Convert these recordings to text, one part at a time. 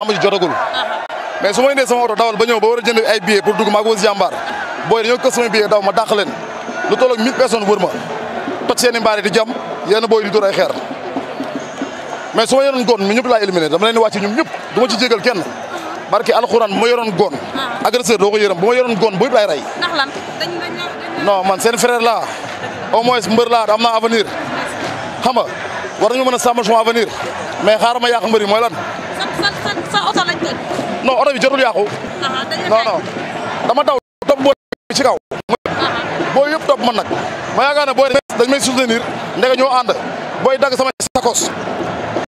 amu ci mais su ma indee sama oto dawal ba ñëw ba war a jënd ay billets pour dugg maa ngi jàmbaar booy dañoo kës sama billet daw ma dàq leen lu toll ak mille personnes wër toj seen i mbaari di jam yenn booy di dóor ay xeer mais su ma yoroon goon mi ñëpp laa éliminé dama leen di wàcc ñoom ñëpp du ma ci jégal kenn barki alxuraan bu ma yoroon goon agresseur doo ko yërëm bu ma yoroon goon booy bi laay rey no man seen frère la au moins mbër laa am naa avenir xam nga war nañu mën a sàmm sama avenir mais xaaral ma yàq mbër yi mooy lañ toj. non oto bi jotul yàqu. dama daw topp boo ci kaw. booy yëpp topp man nag ma yaakaar ne booy dañ may soutenir ndega ñoo ànd booy dagg sama sakos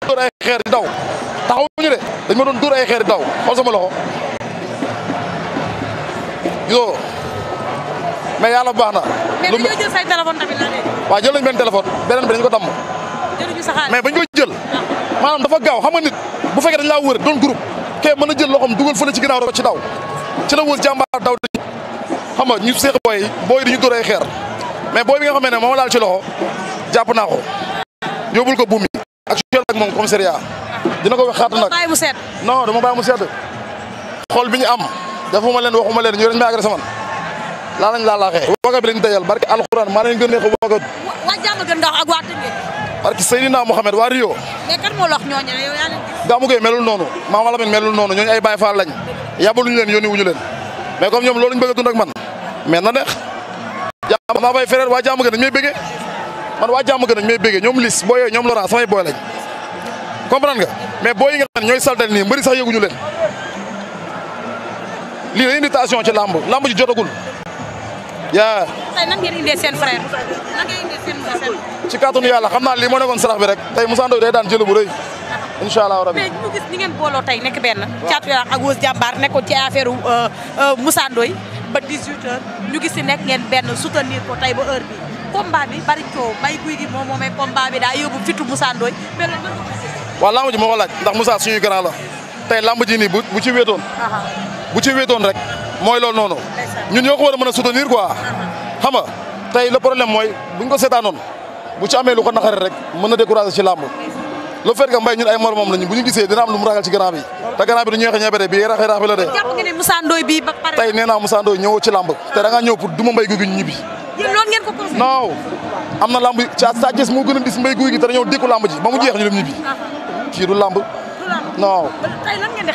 dóor ay xeer di daw taxaw ñu de dañ ma doon dóor ay xeer di daw xool sama loxo gisoo mais yàlla baax na. lu mais jël la léegi. nañ benn téléphone beneen bi dañ ko damm. mais bañ ko jël. Ah. maanaam dafa gaaw xam nga nit bu fekkee dañ laa wër doon groupe. kee mën a jël loxoom dugal fële ci ginnaaw ci daw ci la wër jàmbaar daw da xam nga ñu seex booy booy dañu dóor ay xeer mais booy bi nga xam ne moom laal ci loxo jàpp naa ko yóbbul ko buum yi actuellement ak moom commissariat dina ko wax xaatu nag non dama bàyyi mu sedd xool bi ñu am defuma leen waxuma leen ñu dañ ma agressé man laa lañ laa laaxee waga bi lañ dajal barke alxuraan maa leen gën neex waga waa jàmm gën ndax ak waa tëngee parce que Mohamed waa Rio. mais kan moo la wax melul noonu Mama Lamine melul noonu ñooñu ay Baye Fall lañ yabaluñu leen yónni wuñu leen mais comme ñoom loolu ñu bëgg a dund man mais na neex. jàmm maa bay frère waa jàmm gën dañ may bëggee man waa jàmm gën dañ may bëggee ñoom Liss booy yooyu ñoom Laurent samay booy lañ comprendre nga mais booy yi nga xam ne ñooy saltal nii mbëri sax yëguñu leen lii la inditation ci làmb làmb ji jotagul yaa tey nan ngeen indee seen ci kàttanu yàlla xam naa lii moo nekkoon sarax bi rek tey Moussa Ndoye day daan jëlu bu rëy incha allah rabi mais ñu gis ni ngeen booloo tey nekk benn Thiatou Yarakh ak Weuz Diambar nekkoon ci affaire euh, euh, Moussa Ndoye ba 18 ñu gis si nekk ngeen benn soutenir ko tey ba heure bi combat bi bari coow bay guy gi moom moomay combat bi daa yóbbu fitu Moussa Ndoye lamb ji moo laaj ndax Moussa suñu grand la tey lamb ji nii bu ci wéetoon bu ci wéetoon rek mooy loolu noonu. ñun ñoo ko war a mën a soutenir quoi. Uh-huh. xam nga tey le problème mooy bu ñu ko seetaanoon bu ci amee lu ko naqari rek mën na décourager ci làmb. le fait que mbay ñun ay moromam lañu bu ñu gisee dina lu mu ragal ci grand bi te grand bi du a ñebere bi raxe rax bi la de. jàpp nga ne Moussa Ndoye ba pare. tey nee naa Moussa Ndoye ñëwoo ci làmb te da ngaa ñëw pour duma mbay guy gi ñibbi. yéen loolu am na lamb yi Sa Thiès moo gën a dis mbay guy gi te dañoo dékku làmb ji ba mu jeex ñu dem ñibbi. Uh-huh. kii du làmb. non. tey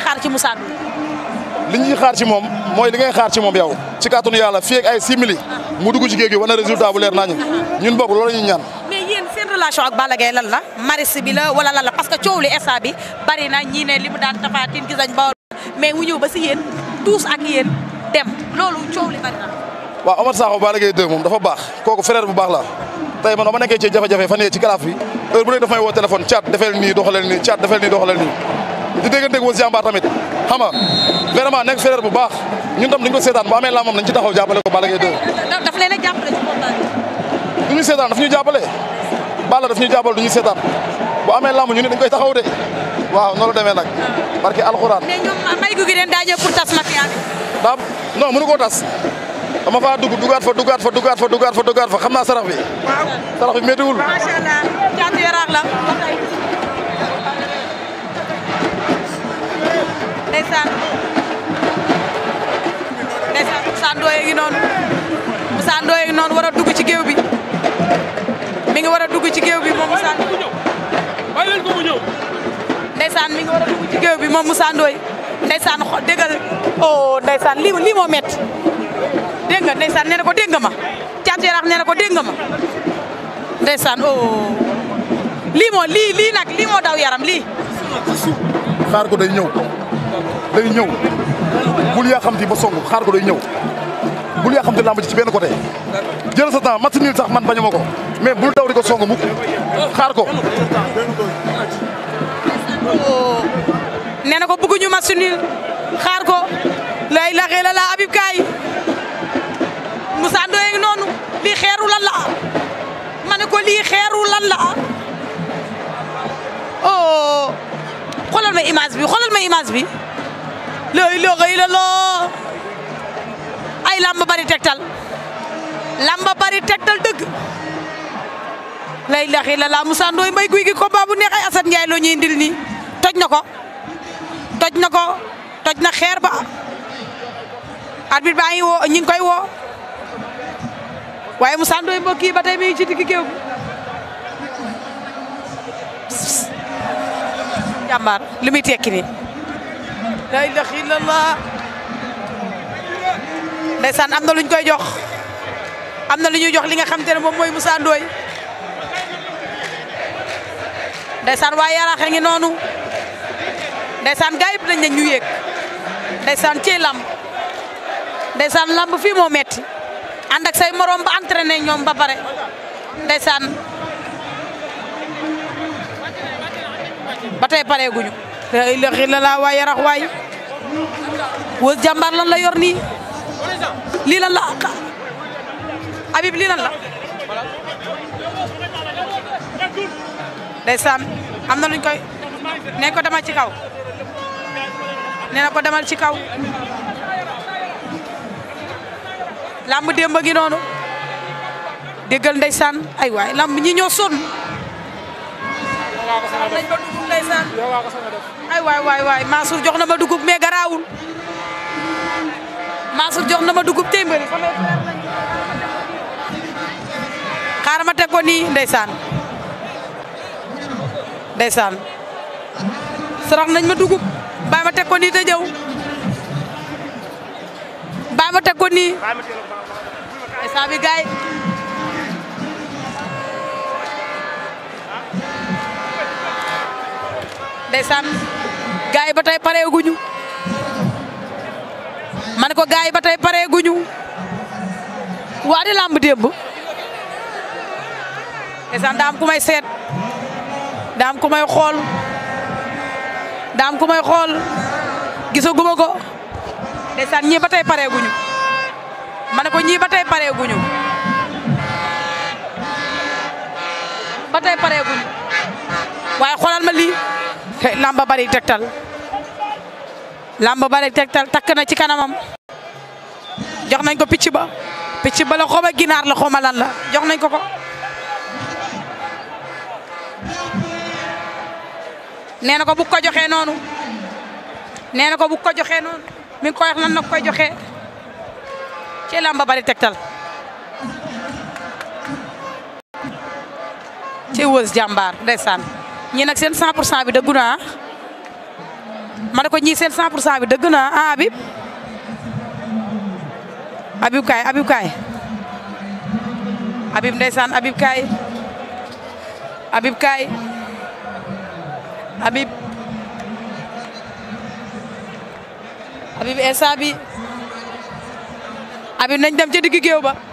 li ñuy xaar ci moom mooy li ngay xaar ci moom yow ci kàttanu yàlla fii ak ay simili mu dugg ci géej gi wane résultat bu leer nañu ñun bokk loolu ñuy ñaan. mais yéen seen relation ak Balla Gaye lan la maris bi la wala lan la parce que coow li instant bi bari na ñii ne li mu daan tafaatin gis nañ ba mais mu ñëw ba si yéen tuus ak yéen dem loolu coow li bari na. waaw Omar Sakho Balla Gaye moom dafa baax kooku frère bu baax la tey man ma nekkee ci jafe-jafe fan yee ci kalaaf bi heure bu nekk daf may woo téléphone caat defeel nii doxaleel vraiment nekk frère bu baax ñun tam dañ ko seetaan bu amee laa moom nañ ci taxaw jàppale ko Balla Gaye ñu seetaan daf ñu jàppale Balla daf ñu jàppale du ñu seetaan bu amee laa moom ñu ne dañ koy taxaw de waaw noonu la demee nag. Ah. barke alxuraan. mais ñoom ah, may ma gi leen daa ñëw pour tas mafia bi. daa non mënu koo tas dama faa dugg dugaat fa dugaat fa dugaat fa dugaat fa dugaat xam naa sarax bi. sarax bi méttiwul. macha Ndoye ngi noonu Moussa ngi noonu war a dugg ci géew bi mi war a dugg ci géew bi moom mu ñëw. ndeysaan bi moom Moussa Ndoye ndeysaan déggal oh ndeysaan lii lii moo métti dégg ndeysaan nee ko dégg nga ma Thiatou Yarakh nee ko dégga ma ndeysaan oh lii moo lii lii nag lii moo daw yaram lii. xaar ko day ñëw day ñëw bul yaa xam ba song xaar ko day ñëw. bul yaa xam te lamb ji ci benn côté jël sa temps match nul sax man bañuma ko mais bul daw di ko song mukk xaar ko nee na ko bëgguñu match nul xaar ko lay la xeela la Habib Kaay Moussa noonu lii xeeru lan la ko lii xeeru lan la oh ma image bi xoolal ma image bi lay la xëy tey lamba bari tegtal lamba bari tegtal dëgg lay laxi la laa Moussa Ndoye mbay guy gi combat bu neex ay Assane Ndiaye loo ñuy indil nii toj na ko toj na ko toj na xeer ba arbitre baa ngi woo ñi koy woo waaye Moussa Ndoye mbokk yi ba mi ngi ci digg géew bi jàmbaar li lay laxi ndeysaan am na lu ñu koy jox am na lu ñuy jox li nga xam te ne moom mooy Moussa Ndoye ndeysaan waa yaraax a ngi noonu ndeysaan gaa yëpp dañ ne ñu yéeg ndeysaan ci lamb ndeysaan moo metti ànd ak say morom ba entraîné ñoom ba pare ndeysaan ba tey pareeguñu la ilaha illallah yarax waay wës jàmbaar lan la yor nii lii lan la Habib lii lan la ndeysaan am na luñ koy nee ko demal ci kaw nee na ko demal ci kaw làmb démb gi noonu déggal ay way làmb ñi ñoo sonn am nañ ma dugub ndeysaan ay waay waay waay Mansour jox na ma dugub mais garaawul Mansour jox na ma dugub téeméeri xaaral ma teg ko nii ndeysaan ndeysaan sarax nañ ma dugub bàyyi ma teg ko nii te jëw bàyyi ma teg ko nii ndeysaan bi gaay ndeysaan gaay ba tey pare guñu mane ko gaay ba tey pare guñu waa di làmb démb ndeysaan daam ku may seet daam ku may xool daam ku may xool gisaguma ko ndeysaan ñii ba tey pare guñu ma ne ko ñii ba tey pare guñu ba tey pare guñu waaye xoolal ma lii làmb bari tegtal làmb bari tegtal takk na ci kanamam jox nañ ko picc ba picc ba la xoba ginaar la xoma lan la jox nañ ko ko nee na ko bu ko joxee noonu nee na ko bu ko joxee noonu mi ngi koy wax lan la koy joxee ci lamba bari tegtal ci wës ñi nag seen 100 pour cent bi dëgg naa ah. ma ne ko ñii seen 100 pour cent bi dëgg naa ah Habib Kaay Habib Kaay Habib ndeysaan Habib Kaay Habib Kaay Habib Habib instant bi Habib nañ dem ca digg géew ba.